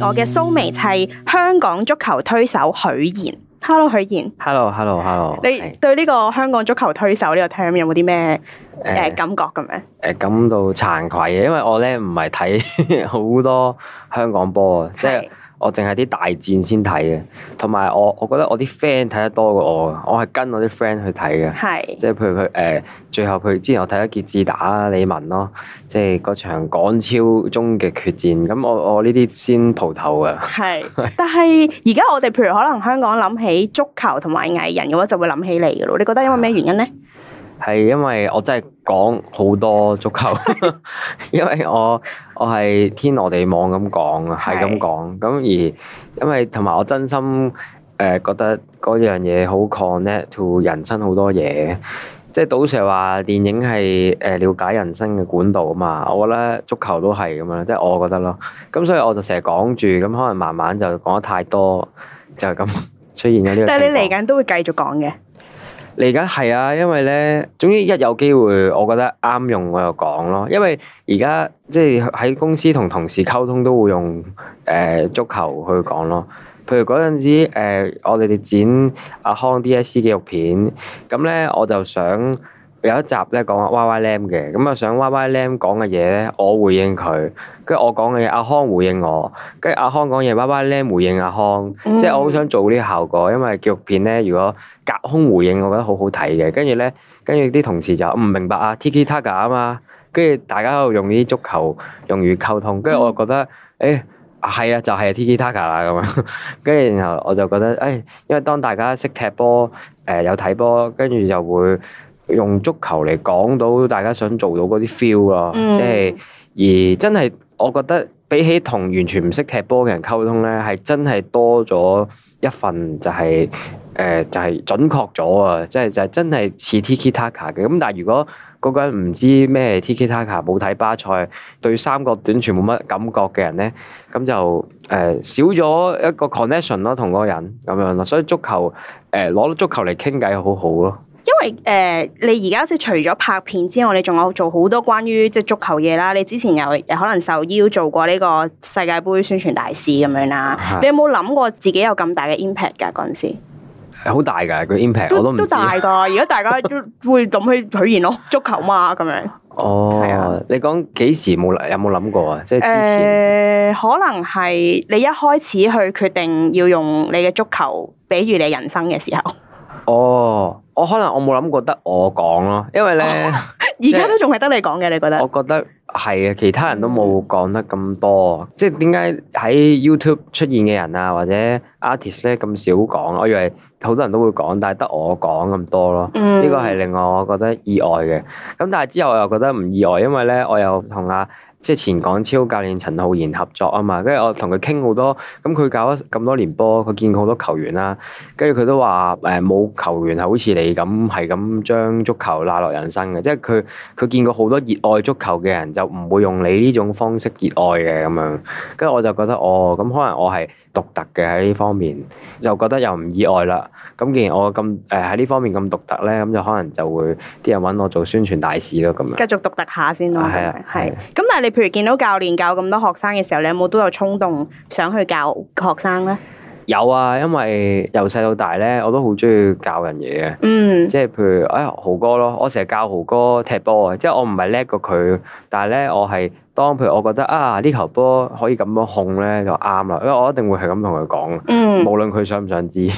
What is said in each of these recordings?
我嘅蘇眉係香港足球推手許賢，Hello 許賢，Hello Hello Hello，你對呢個香港足球推手呢個 team 有冇啲咩誒感覺咁樣？誒、呃呃、感到慚愧嘅，因為我咧唔係睇好多香港波啊，即係。我淨係啲大戰先睇嘅，同埋我我覺得我啲 friend 睇得多過我，我係跟我啲 friend 去睇嘅，即係是譬如佢誒、呃，最後佢之前我睇咗傑志打理文咯，即係嗰場港超終極決戰，咁我我呢啲先蒲頭嘅。係、嗯， 但係而家我哋譬如可能香港諗起足球同埋藝人嘅話，就會諗起你嘅咯。你覺得因為咩原因咧？係因為我真係講好多足球， 因為我我係天羅地網咁講，係咁講，咁而因為同埋我真心誒覺得嗰樣嘢好 connect to 人生好多嘢，即係杜 Sir 話電影係誒了解人生嘅管道啊嘛，我覺得足球都係咁樣，即係我覺得咯。咁所以我就成日講住，咁可能慢慢就講得太多，就咁出現咗呢個。但係你嚟緊都會繼續講嘅。你而家係啊，因為咧，總之一有機會，我覺得啱用我又講咯，因為而家即係喺公司同同事溝通都會用誒、呃、足球去講咯。譬如嗰陣時、呃、我哋哋剪阿康 D S C 紀錄片，咁咧我就想。有一集咧講 Y Y Lam 嘅，咁啊想 Y Y Lam 講嘅嘢咧，我回應佢，跟住我講嘅嘢，阿康回應我，跟住阿康講嘢，Y Y Lam 回應阿康，即係我好想做呢個效果，因為紀錄片咧，如果隔空回應，我覺得好好睇嘅。跟住咧，跟住啲同事就唔、嗯、明白啊，Tiki Taka 啊嘛，跟住大家又用啲足球用語溝通，跟住我就覺得，誒係、嗯欸、啊，就係、是啊、Tiki Taka 啦咁樣，跟住然後我就覺得，誒、欸，因為當大家識踢波，誒、呃、有睇波，跟住就會。用足球嚟講到大家想做到嗰啲 feel 咯，嗯、即係而真係，我覺得比起同完全唔識踢波嘅人溝通咧，係真係多咗一份就係、是、誒、呃，就係、是、準確咗啊！即係就是、真係似 Tiki Taka 嘅。咁但係如果嗰個人唔知咩 Tiki Taka，冇睇巴塞，對三角短全冇乜感覺嘅人咧，咁就誒、呃、少咗一個 connection 咯，同嗰個人咁樣咯。所以足球誒攞到足球嚟傾偈好好咯。因為誒、呃，你而家即係除咗拍片之外，你仲有做好多關於即係足球嘢啦。你之前又可能受邀做過呢個世界杯宣傳大使咁樣啦。啊、你有冇諗過自己有咁大嘅 impact 噶嗰陣時？好大噶個 impact，我都 都大噶。而家大家都會諗起許賢咯，足球嘛咁樣。哦，係啊。你講幾時冇有冇諗過啊？即、就、係、是、之前，呃、可能係你一開始去決定要用你嘅足球比喻你人生嘅時候。哦。我可能我冇諗過得我講咯，因為咧而家都仲係得你講嘅，你覺得？我覺得係啊，其他人都冇講得咁多，即係點解喺 YouTube 出現嘅人啊或者 artist 咧咁少講？我以為好多人都會講，但係得我講咁多咯，呢個係令我覺得意外嘅。咁但係之後我又覺得唔意外，因為咧我又同阿。即係前港超教練陳浩然合作啊嘛，跟住我同佢傾好多，咁佢搞咗咁多年波，佢見過好多球員啦，跟住佢都話，誒冇球員係好似你咁係咁將足球納落人生嘅，即係佢佢見過好多熱愛足球嘅人就唔會用你呢種方式熱愛嘅咁樣，跟住我就覺得哦，咁可能我係。獨特嘅喺呢方面，就覺得又唔意外啦。咁既然我咁誒喺呢方面咁獨特咧，咁就可能就會啲人搵我做宣傳大使咯。咁樣繼續獨特下先咯。係係。咁但係你譬如見到教練教咁多學生嘅時候，你有冇都有衝動想去教學生咧？有啊，因為由細到大咧，我都好中意教人嘢嘅。嗯。即係譬如誒豪哥咯，我成日教豪哥踢波啊，即係我唔係叻過佢，但係咧我係。當譬如我覺得啊，呢球波可以咁樣控咧，就啱啦，因為我一定會係咁同佢講，嗯、無論佢想唔想知。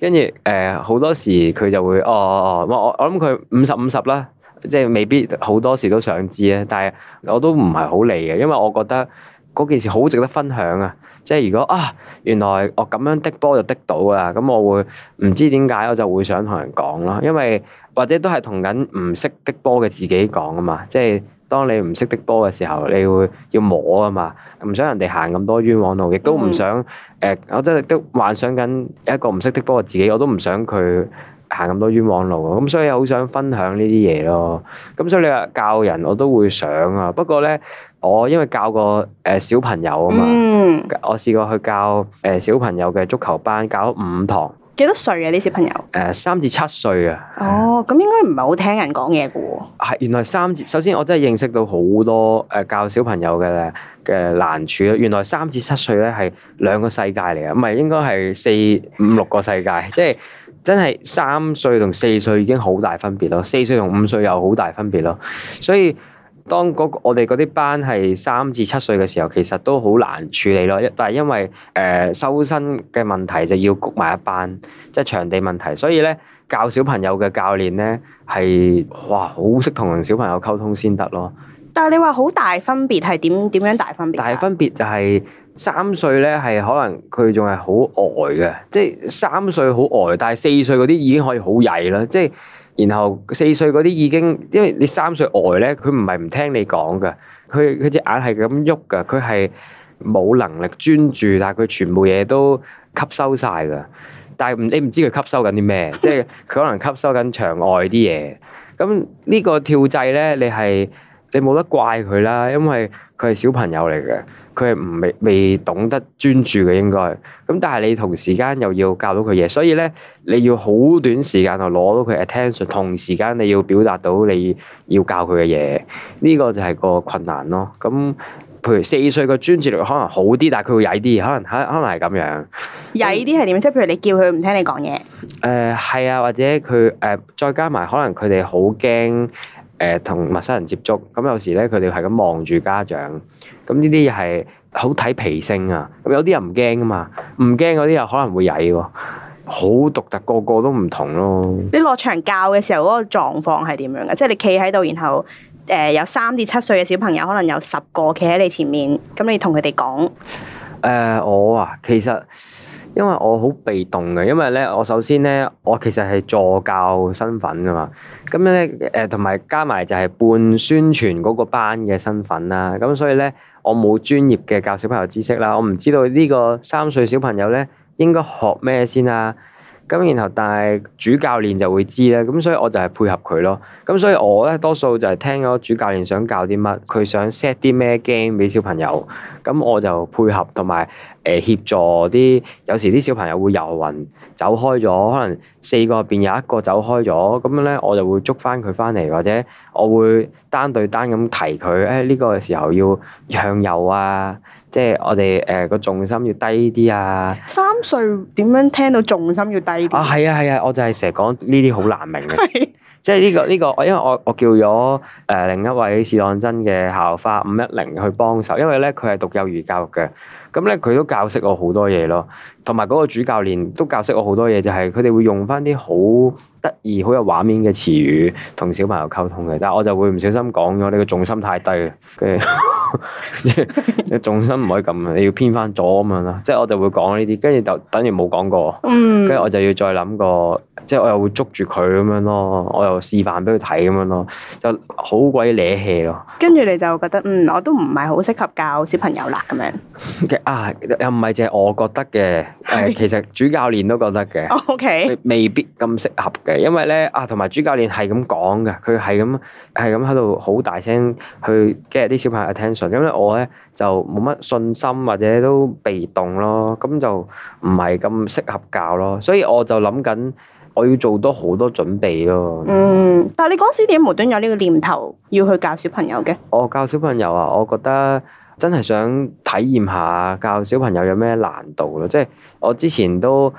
跟住誒，好、呃、多時佢就會哦哦哦，我我諗佢五十五十啦，即係未必好多時都想知咧。但係我都唔係好理嘅，因為我覺得嗰件事好值得分享啊。即係如果啊，原來我咁樣滴波就滴到啊，咁我會唔知點解我就會想同人講囉，因為或者都係同緊唔識滴波嘅自己講啊嘛，即係。當你唔識的波嘅時候，你會要摸啊嘛，唔想人哋行咁多冤枉路，亦都唔想誒、嗯呃，我真係都幻想緊一個唔識的波嘅自己，我都唔想佢行咁多冤枉路，咁所以好想分享呢啲嘢咯。咁所以你話教人，我都會想啊。不過咧，我因為教過誒小朋友啊嘛，嗯、我試過去教誒小朋友嘅足球班，教咗五堂。幾多歲啊？啲小朋友？誒，三至七歲啊。哦，咁應該唔係好聽人講嘢嘅喎。係，原來三至首先我真係認識到好多誒、呃、教小朋友嘅嘅難處咯。原來三至七歲咧係兩個世界嚟啊，唔係應該係四五六個世界， 即係真係三歲同四歲已經好大分別咯，四歲同五歲又好大分別咯，所以。當嗰我哋嗰啲班係三至七歲嘅時候，其實都好難處理咯。但係因為誒、呃、收生嘅問題就要焗埋一班，即係場地問題，所以咧教小朋友嘅教練咧係哇好識同小朋友溝通先得咯。但係你話好大分別係點點樣大分別？大分別就係三歲咧係可能佢仲係好呆嘅，即係三歲好呆，但係四歲嗰啲已經可以好曳啦，即係。然後四歲嗰啲已經，因為你三歲呆咧，佢唔係唔聽你講嘅，佢佢隻眼係咁喐噶，佢係冇能力專注，但係佢全部嘢都吸收晒噶。但係唔你唔知佢吸收緊啲咩，即係佢可能吸收緊場外啲嘢。咁呢個跳掣咧，你係你冇得怪佢啦，因為佢係小朋友嚟嘅。佢係唔未未懂得專注嘅應該，咁但係你同時間又要教到佢嘢，所以咧你要好短時間就攞到佢 attention，同時間你要表達到你要教佢嘅嘢，呢個就係個困難咯。咁譬如四歲嘅專注力可能好啲，但係佢會曳啲，可能可能係咁樣。曳啲係點？即係譬如你叫佢唔聽你講嘢。誒係啊，或者佢誒、呃、再加埋可能佢哋好驚誒同陌生人接觸，咁有時咧佢哋係咁望住家長。咁呢啲又係好睇脾性啊！咁有啲人唔驚噶嘛，唔驚嗰啲又可能會曳喎，好獨特，個個都唔同咯。你落場教嘅時候嗰個狀況係點樣嘅？即係你企喺度，然後誒有三至七歲嘅小朋友，可能有十個企喺你前面，咁你同佢哋講。誒我啊，其實因為我好被動嘅，因為咧我首先咧我其實係助教身份啊嘛，咁咧誒同埋加埋就係半宣傳嗰個班嘅身份啦，咁所以咧。我冇專業嘅教小朋友知識啦，我唔知道呢個三歲小朋友咧應該學咩先啊。咁然後，但係主教練就會知咧，咁所以我就係配合佢咯。咁所以我咧多數就係聽咗主教練想教啲乜，佢想 set 啲咩 game 俾小朋友，咁我就配合同埋誒協助啲。有時啲小朋友會遊魂，走開咗，可能四個入邊有一個走開咗，咁咧我就會捉翻佢翻嚟，或者我會單對單咁提佢。誒、哎、呢個時候要向右啊！即係我哋誒個重心要低啲啊！三歲點樣聽到重心要低啲啊？係啊係啊，啊，我就係成日講呢啲好難明嘅。 是啊、即係呢、這個呢、這個，因為我我叫咗誒、呃、另一位是當真嘅校花五一零去幫手，因為咧佢係讀幼兒教育嘅，咁咧佢都教識我好多嘢咯。同埋嗰個主教練都教識我好多嘢，就係佢哋會用翻啲好得意、好有畫面嘅詞語同小朋友溝通嘅。但係我就會唔小心講咗你個重心太低嘅。 你 重心唔可以咁嘅，你要偏翻左咁樣咯，即係我就會講呢啲，跟住就等於冇講過，跟住、嗯、我就要再諗個，即係我又會捉住佢咁樣咯，我又示範俾佢睇咁樣咯，就好鬼惹氣咯。跟住、嗯、你就覺得，嗯，我都唔係好適合教小朋友啦咁樣。 啊，又唔係淨係我覺得嘅，誒，其實主教練都覺得嘅，ok，是未必咁適合嘅，因為咧啊，同埋主教練係咁講嘅，佢係咁係咁喺度好大聲去 get 啲小朋友 attention 咁咧，我咧就冇乜信心或者都被動咯，咁就唔係咁適合教咯，所以我就諗緊我要做多好多準備咯。嗯，但係你嗰時點無端有呢個念頭要去教小朋友嘅？我、哦、教小朋友啊，我覺得真係想體驗下教小朋友有咩難度咯，即、就、係、是、我之前都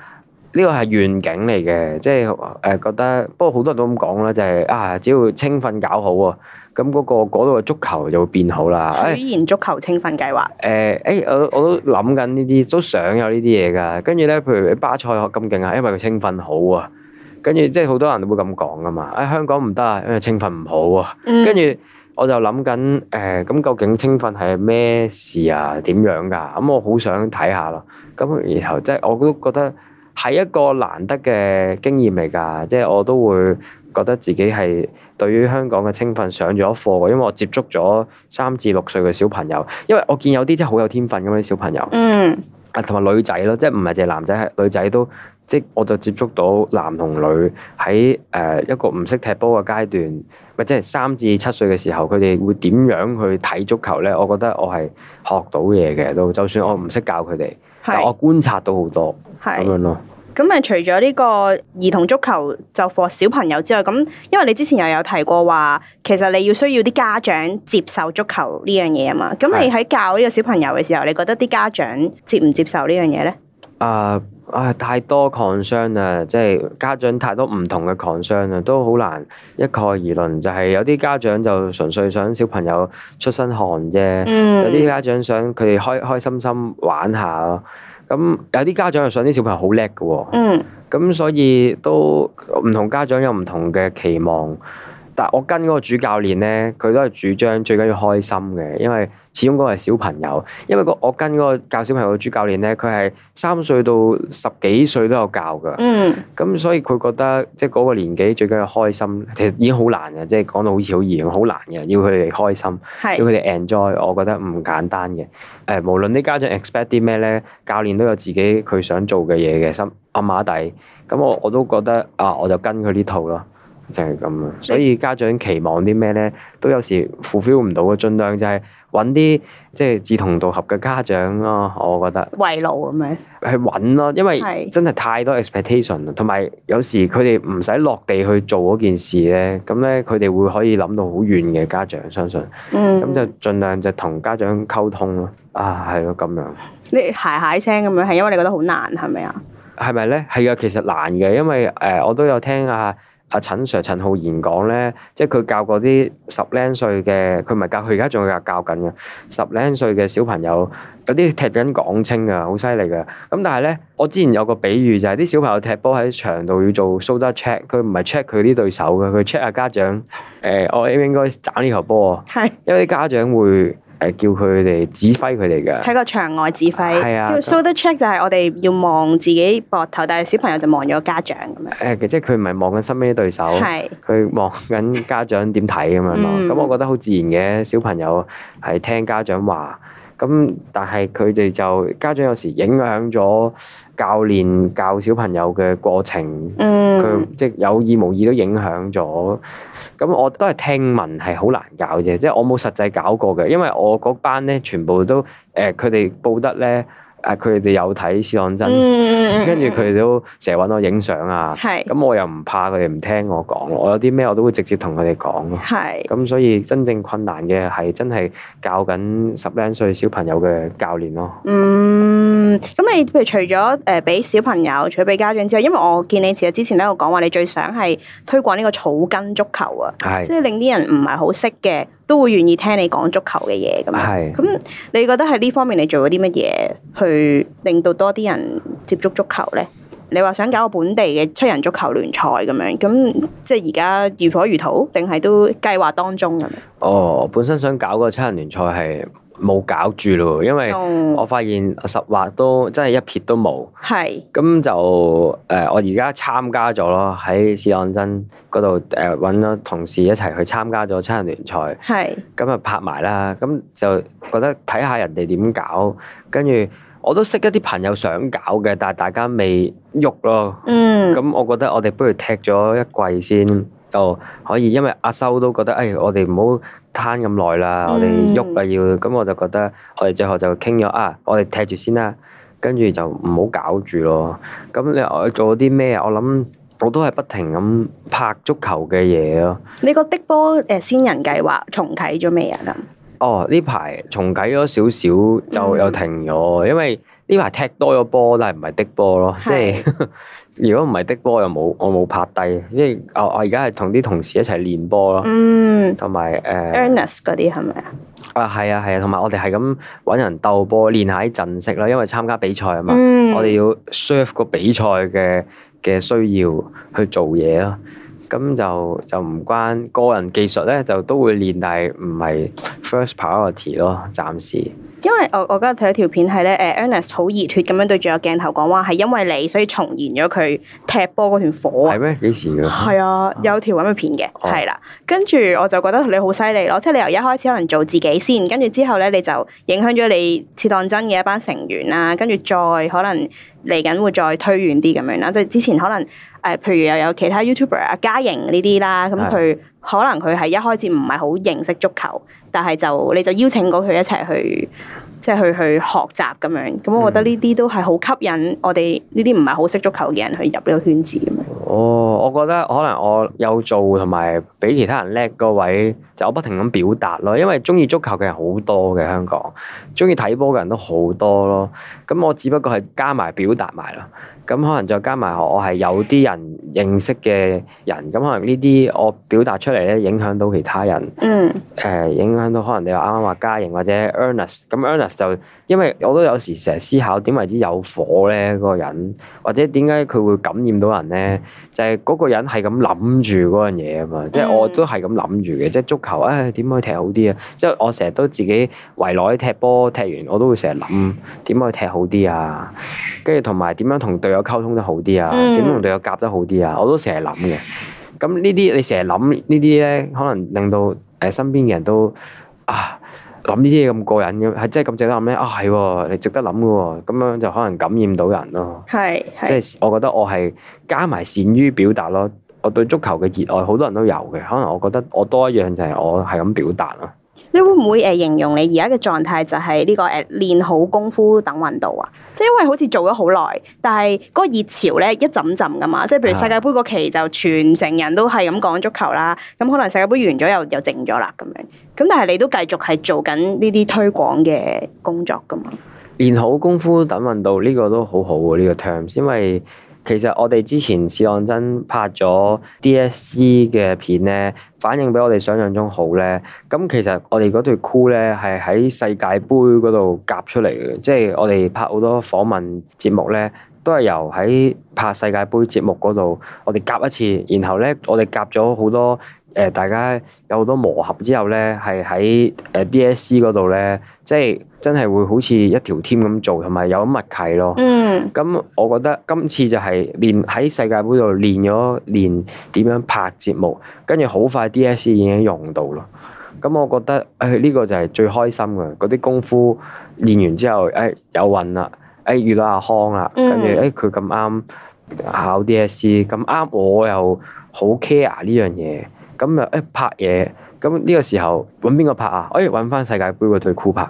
呢個係願景嚟嘅，即係誒覺得不過好多人都咁講啦，就係、是、啊，只要青訓搞好啊。咁嗰個嗰度嘅足球就會變好啦。語言足球青訓計劃。誒，誒，我我都諗緊呢啲，都想有呢啲嘢㗎。跟住咧，譬如你巴塞咁勁啊，因為佢青訓好啊。跟住即係好多人都會咁講㗎嘛。誒，香港唔得啊，因為青訓唔好啊。跟住我就諗緊誒，咁究竟青訓係咩事啊？點樣㗎？咁我好想睇下咯。咁然後即係我都覺得係一個難得嘅經驗嚟㗎。即係我都會。覺得自己係對於香港嘅青訓上咗課，因為我接觸咗三至六歲嘅小朋友，因為我見有啲真係好有天分咁啲小朋友。嗯。啊，同埋女仔咯，即係唔係淨係男仔，係女仔都，即我就接觸到男同女喺誒，一個唔識踢波嘅階段，唔，即係三至七歲嘅時候，佢哋會點樣去睇足球咧？我覺得我係學到嘢嘅都，就算我唔識教佢哋，嗯、但我觀察到好多咁是樣咯。咁誒，除咗呢個兒童足球就 for 小朋友之外，咁因為你之前又有提過話，其實你要需要啲家長接受足球呢樣嘢啊嘛。咁你喺教呢個小朋友嘅時候，的你覺得啲家長接唔接受呢樣嘢咧？啊啊、呃，太多 concern 啦，即、就、係、是、家長太多唔同嘅 concern 啊，都好難一概而論。就係、是、有啲家長就純粹想小朋友出身汗啫，嗯、有啲家長想佢哋開開心心玩下咯。咁有啲家長又想啲小朋友好叻嘅喎，咁、嗯、所以都唔同家長有唔同嘅期望。但我跟嗰個主教練咧，佢都係主張最緊要開心嘅，因為始終嗰個係小朋友。因為個我跟嗰個教小朋友嘅主教練咧，佢係三歲到十幾歲都有教㗎。嗯。咁所以佢覺得即係嗰個年紀最緊要開心，其實已經好難嘅，即係講到好似好易咁，好難嘅，要佢哋開心，是要佢哋 enjoy，我覺得唔簡單嘅。誒，無論啲家長 expect 啲咩咧，教練都有自己佢想做嘅嘢嘅心，阿馬底，咁我我都覺得啊，我就跟佢呢套咯。就係咁啦，所以家長期望啲咩咧，都有時 fulfil 唔到嘅。盡量就係揾啲即係志同道合嘅家長咯，我覺得。慰勞咁樣。去揾咯，因為真係太多 expectation 啦，同埋有，有時佢哋唔使落地去做嗰件事咧，咁咧佢哋會可以諗到好遠嘅家長，相信。嗯。咁就盡量就同家長溝通咯。啊，係咯，咁樣。你鞋鞋聲咁樣，係因為你覺得好難係咪啊？係咪咧？係啊，其實難嘅，因為誒、呃，我都有聽啊。阿陳 sir 陳浩然講咧，即係佢教過啲十零歲嘅，佢唔係教，佢而家仲教緊嘅十零歲嘅小朋友，有啲踢緊港青啊，好犀利嘅。咁但係咧，我之前有個比喻就係、是、啲小朋友踢波喺場度要做 shoulder check，佢唔係 check 佢啲對手嘅，佢 check 下家長，誒我應唔應該斬呢球波啊？係、oh, I mean,，Hi. 因為啲家長會。誒叫佢哋指揮佢哋嘅，喺個場外指揮。係啊，叫 shoulder check 就係我哋要望自己膊頭，但係小朋友就望咗家長咁樣。誒即係佢唔係望緊身邊啲對手，係佢望緊家長點睇咁樣咯。咁、嗯、我覺得好自然嘅，小朋友係聽家長話。咁但係佢哋就家長有時影響咗教練教小朋友嘅過程。嗯，佢即係有意無意都影響咗。咁我都係聽聞係好難搞啫，即係我冇實際搞過嘅，因為我嗰班咧全部都誒，佢、呃、哋報得咧，誒佢哋有睇試當真，跟住佢哋都成日揾我影相啊。咁是我又唔怕佢哋唔聽我講，我有啲咩我都會直接同佢哋講。咁是所以真正困難嘅係真係教緊十零歲小朋友嘅教練咯。嗯咁你譬如除咗誒俾小朋友，除咗俾家長之後，因為我見你其實之前喺度講話，你最想係推廣呢個草根足球啊，即係是令啲人唔係好識嘅，都會願意聽你講足球嘅嘢咁啊。係是，咁你覺得喺呢方面你做咗啲乜嘢，去令到多啲人接觸足球呢？你話想搞個本地嘅七人足球聯賽咁樣，咁即係而家如火如荼，定係都計劃當中咁樣？哦，本身想搞個七人聯賽係。冇搞住咯，因為我發現我實話都真係一撇都冇。係是。咁就誒、呃，我而家參加咗咯，喺試當真嗰度誒搵咗同事一齊去參加咗七人聯賽。係是。咁啊拍埋啦，咁就覺得睇下人哋點搞，跟住我都識一啲朋友想搞嘅，但係大家未喐咯。嗯。咁我覺得我哋不如踢咗一季先，就可以，因為阿修都覺得誒、哎，我哋唔好。攤咁耐啦，我哋喐啊要，咁我就覺得我哋最後就傾咗啊，我哋踢住先啦，跟住就唔好搞住咯。咁你我做咗啲咩啊？我諗我都係不停咁拍足球嘅嘢咯。你個的波誒《先人計劃》重啟咗未啊？咁哦，呢排重啟咗少少就又停咗，因為呢排踢多咗波，但係唔係的波咯，即係。如果唔係的波又冇，我冇拍低，因為我我而家係同啲同事一齊練波咯，同埋誒。Earnest 嗰啲係咪啊？啊係啊係啊，同埋、啊、我哋係咁揾人鬥波，練下啲陣式啦，因為參加比賽啊嘛，嗯、我哋要 serve 個比賽嘅嘅需要去做嘢咯，咁就就唔關個人技術咧，就都會練，但係唔係 first priority 咯，暫時。因為我我今日睇咗條片，係咧誒，Ernest 好熱血咁樣對住個鏡頭講話，係因為你所以重燃咗佢踢波嗰段火啊！係咩？幾時㗎？係啊，有條咁嘅片嘅，係啦、哦。跟住、啊、我就覺得你好犀利咯，即係你由一開始可能做自己先，跟住之後咧你就影響咗你試當真嘅一班成員啦，跟住再可能嚟緊會再推遠啲咁樣啦，即係之前可能。譬如又有其他 YouTuber 啊，嘉瑩呢啲啦，咁佢可能佢係一開始唔係好認識足球，但係就你就邀請過佢一齊去，即係去去學習咁樣。咁我覺得呢啲都係好吸引我哋呢啲唔係好識足球嘅人去入呢個圈子咁樣。哦，我覺得可能我有做同埋比其他人叻嗰位，就我不停咁表達咯，因為中意足球嘅人好多嘅香港，中意睇波嘅人都好多咯。咁我只不過係加埋表達埋咯。咁可能再加埋我係有啲人認識嘅人，咁可能呢啲我表達出嚟咧影響到其他人，嗯，誒影響到可能你話啱啱話嘉盈或者 Ernest，咁 Ernest 就因為我都有時成日思考點為之有火咧嗰個人，或者點解佢會感染到人咧，就係嗰個人係咁諗住嗰樣嘢啊嘛，即係我都係咁諗住嘅，即係足球誒點可以踢好啲啊，即係我成日都自己圍內踢波，踢完我都會成日諗點可以踢好啲啊，跟住同埋點樣同隊。有溝通得好啲啊，點同隊友夾得好啲啊？我都成日諗嘅。咁呢啲你成日諗呢啲咧，可能令到誒身邊嘅人都啊諗呢啲嘢咁過癮咁，係真係咁值得諗咩？啊係，你值得諗嘅，咁樣就可能感染到人咯。係，即係我覺得我係加埋善於表達咯。我對足球嘅熱愛，好多人都有嘅。可能我覺得我多一樣就係我係咁表達咯。你會唔會誒形容你而家嘅狀態就係呢個誒練好功夫等運到啊？即係因為好似做咗好耐，但係嗰個熱潮咧一陣陣噶嘛。即係譬如世界盃個期就全城人都係咁講足球啦。咁可能世界盃完咗又又靜咗啦咁樣。咁但係你都繼續係做緊呢啲推廣嘅工作噶嘛？練好功夫等運到呢個都好好、啊、喎，呢個 terms 因為。其實我哋之前試當真拍咗 DSC 嘅片咧，反應比我哋想像中好咧。咁其實我哋嗰對箍咧係喺世界盃嗰度夾出嚟嘅，即係我哋拍好多訪問節目咧，都係由喺拍世界盃節目嗰度，我哋夾一次，然後咧我哋夾咗好多誒、呃，大家有好多磨合之後咧，係喺誒 DSC 嗰度咧，即係。真係會好似一條 team 咁做，同埋有默契咯。嗯，咁、嗯、我覺得今次就係練喺世界盃度練咗練點樣拍節目，跟住好快 DSC 已經用到啦。咁、嗯嗯嗯、我覺得誒呢、哎這個就係最開心嘅嗰啲功夫練完之後，誒、哎、有運啦，誒、哎、遇到阿康啦，跟住誒佢咁啱考 DSC，咁啱我又好 care 呢樣嘢，咁啊誒拍嘢，咁呢個時候揾邊個拍啊？誒揾翻世界盃嗰隊酷拍。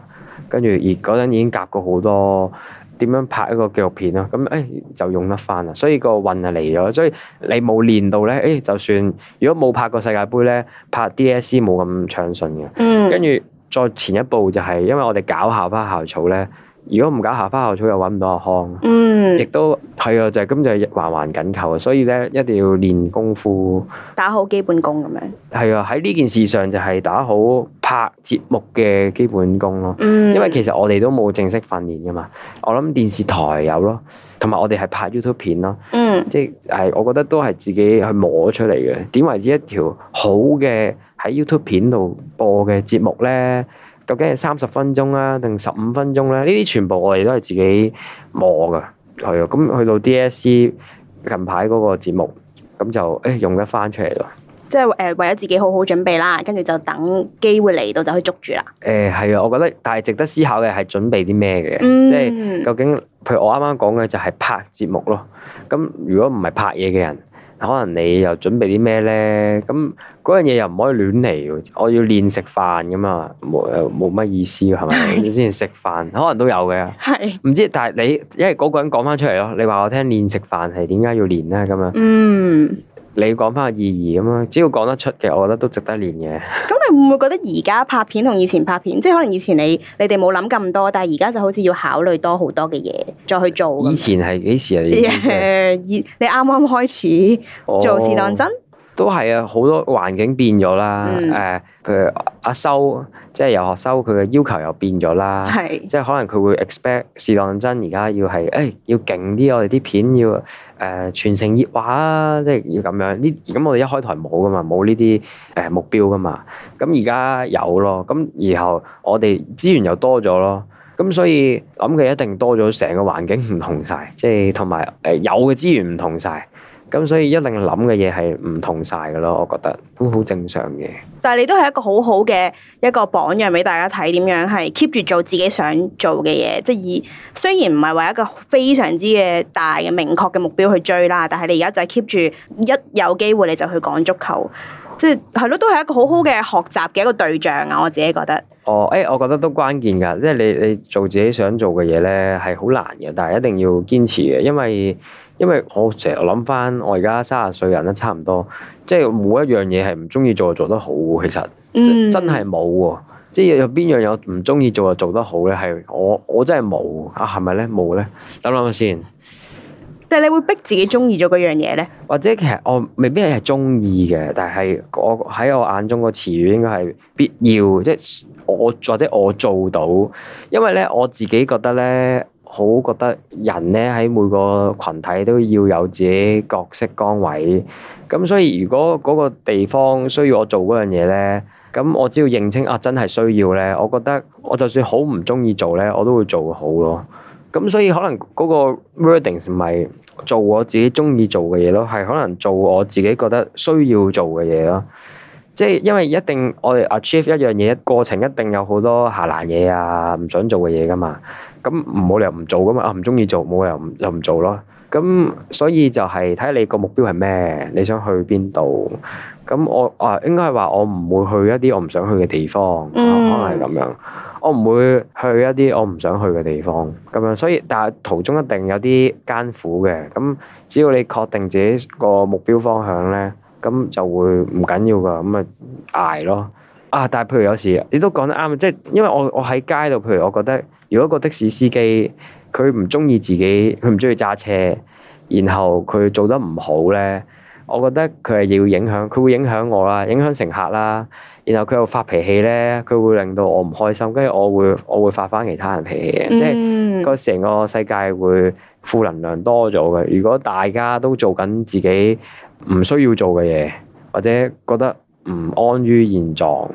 跟住而嗰陣已經夾過好多點樣拍一個紀錄片咯，咁、哎、誒就用得翻啦，所以個運就嚟咗。所以你冇練到咧，誒、哎、就算如果冇拍過世界盃咧，拍 DSE 冇咁暢順嘅，嗯、跟住再前一步就係、是、因為我哋搞校花校草咧。如果唔搞下花後草又揾唔到阿康，嗯，亦都係啊，就係咁就係環環緊扣啊，所以咧一定要練功夫，打好基本功咁樣。係啊，喺呢件事上就係打好拍節目嘅基本功咯。嗯，因為其實我哋都冇正式訓練噶嘛，我諗電視台有咯，同埋我哋係拍 YouTube 片咯。嗯，即係我覺得都係自己去摸出嚟嘅。點為之一條好嘅喺 YouTube 片度播嘅節目咧？究竟係三十分鐘啊，定十五分鐘咧？呢啲全部我哋都係自己磨噶，係啊。咁去到 DSC 近排嗰個節目，咁就誒用得翻出嚟咯。即係誒，為咗自己好好準備啦，跟住就等機會嚟到就可以捉住啦。誒係啊，我覺得，但係值得思考嘅係準備啲咩嘅？即係究竟，譬如我啱啱講嘅就係拍節目咯。咁如果唔係拍嘢嘅人，可能你又準備啲咩咧？咁嗰樣嘢又唔可以亂嚟喎！我要練食飯咁嘛，冇冇乜意思嘅係咪？之前食 飯，可能都有嘅。係。唔知，但係你因為嗰個人講翻出嚟咯，你話我聽練食飯係點解要練咧？咁樣。嗯。你要講翻個意義咁咯，只要講得出嘅，我覺得都值得練嘅。咁你會唔會覺得而家拍片同以前拍片，即係可能以前你你哋冇諗咁多，但係而家就好似要考慮多好多嘅嘢再去做。以前係幾時啊？誒，以前你啱啱開始做試當真。Oh. 都係啊，好多環境變咗啦，誒、嗯呃，譬如阿修，即係由學修，佢嘅要求又變咗啦是、哎呃，即係可能佢會 expect，試當真，而家要係，誒，要勁啲，我哋啲片要誒全城熱話啊，即係要咁樣。呢，咁我哋一開台冇㗎嘛，冇呢啲誒目標㗎嘛，咁而家有咯，咁然後我哋資源又多咗咯，咁所以諗佢一定多咗，成個環境唔同晒，即係同埋誒有嘅、呃、資源唔同晒。咁所以一定諗嘅嘢係唔同晒嘅咯，我覺得都好正常嘅。但係你都係一個好好嘅一個榜樣俾大家睇，點樣係 keep 住做自己想做嘅嘢。即係雖然唔係話一個非常之嘅大嘅明確嘅目標去追啦，但係你而家就係 keep 住一有機會你就去講足球，即係係咯，都係一個好好嘅學習嘅一個對象啊！我自己覺得。哦，誒、哎，我覺得都關鍵噶，即係你你做自己想做嘅嘢咧，係好難嘅，但係一定要堅持嘅，因為。因為我成日諗翻，我而家三十歲人咧，差唔多，即係冇一樣嘢係唔中意做就做得好，其實、嗯、真真係冇喎。即係有邊樣有唔中意做就做得好咧？係我我真係冇啊，係咪咧冇咧？諗諗先。想想，但係你會逼自己中意咗嗰樣嘢咧？或者其實我未必係中意嘅，但係我喺我眼中個詞語應該係必要，即係我或者我做到。因為咧我自己覺得咧。好覺得人咧喺每個群體都要有自己角色崗位，咁所以如果嗰個地方需要我做嗰樣嘢咧，咁我只要認清啊真係需要咧，我覺得我就算好唔中意做咧，我都會做好咯。咁所以可能嗰個 working 唔係做我自己中意做嘅嘢咯，係可能做我自己覺得需要做嘅嘢咯。即係因為一定我哋 achieve 一樣嘢過程，一定有好多下欄嘢啊，唔想做嘅嘢㗎嘛。咁冇理由唔做噶嘛啊，唔中意做冇理由又唔又唔做咯。咁所以就係睇下你個目標係咩，你想去邊度？咁我啊，應該係話我唔會去一啲我唔想去嘅地方，可能係咁樣。我唔會去一啲我唔想去嘅地方。咁樣，所以但係途中一定有啲艱苦嘅。咁只要你確定自己個目標方向咧，咁就會唔緊要噶。咁啊，捱咯。啊，但係譬如有時你都講得啱，即係因為我我喺街度，譬如我覺得。如果個的士司機佢唔中意自己，佢唔中意揸車，然後佢做得唔好咧，我覺得佢係要影響，佢會影響我啦，影響乘客啦。然後佢又發脾氣咧，佢會令到我唔開心，跟住我會我會發返其他人脾氣嘅，即係個成個世界會負能量多咗嘅。如果大家都做緊自己唔需要做嘅嘢，或者覺得唔安於現狀，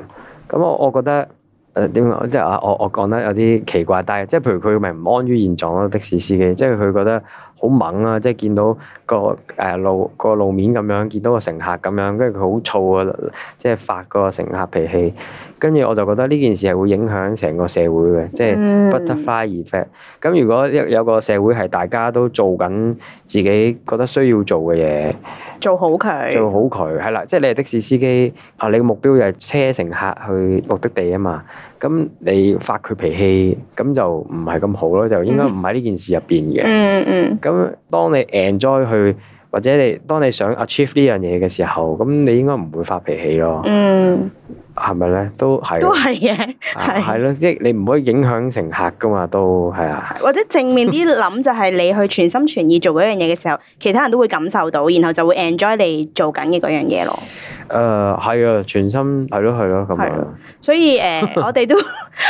咁我我覺得。誒點講即係啊！我我講得有啲奇怪，但係即係譬如佢咪唔安於現狀咯，的士司機即係佢覺得好猛啊！即係見到個誒路個路面咁樣，見到個乘客咁樣，跟住佢好燥啊！即係發個乘客脾氣，跟住我就覺得呢件事係會影響成個社會嘅，即係 butterfly effect。咁如果有一個社會係大家都做緊自己覺得需要做嘅嘢。做好佢，做好佢，係啦，即係你係的士司機，啊，你嘅目標就係車乘客去目的地啊嘛，咁你發佢脾氣，咁就唔係咁好咯，就應該唔喺呢件事入邊嘅，嗯嗯，咁當你 enjoy 去。或者你當你想 achieve 呢樣嘢嘅時候，咁你應該唔會發脾氣咯。嗯，係咪咧？都係。都係嘅，係。係咯，即係你唔可以影響乘客㗎嘛，都係啊。或者正面啲諗 就係你去全心全意做嗰樣嘢嘅時候，其他人都會感受到，然後就會 enjoy 你做緊嘅嗰樣嘢咯。誒，係啊，全心係咯，係咯，咁啊，所以誒，我哋都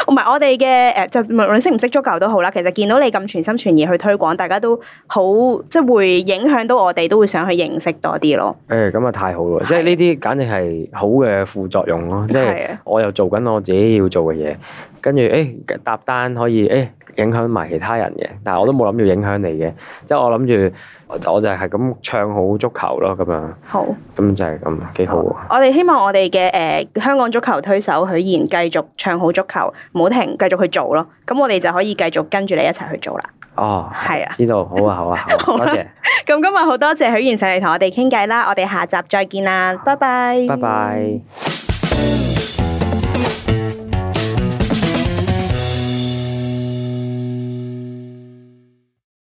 同埋我哋嘅誒，就無論識唔識足球都好啦。其實見到你咁全心全意去推廣，大家都好，即係會影響到我哋，都會想去認識多啲咯。誒，咁啊，太好啦！即係呢啲簡直係好嘅副作用咯。即係我又做緊我自己要做嘅嘢，跟住誒，搭單可以誒影響埋其他人嘅，但係我都冇諗要影響你嘅。即係我諗住。我就係咁唱好足球咯，咁樣。好。咁就係咁，幾好啊！我哋希望我哋嘅誒香港足球推手許賢繼續唱好足球，唔好停，繼續去做咯。咁我哋就可以繼續跟住你一齊去做啦。哦，係啊，知道好啊，好啊，好啊。 多謝。咁 今日好多謝許賢上嚟同我哋傾偈啦，我哋下集再見啦，拜拜。拜拜。